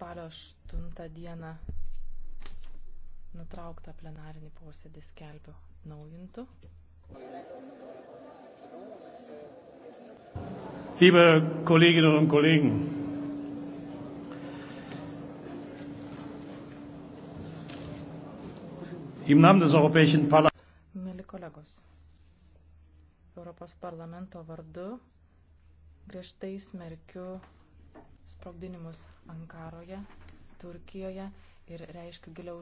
spalio 8 dieną nutrauktą plenarinį posėdį skelbiu naujintų. Liebe Kolleginnen und Kollegen, im Namen des Europäischen Parlaments. Mėly kolegos, Europos parlamento vardu griežtai smerkiu sprogdinimus Ankaroje, Turkijoje ir reiškia giliau už.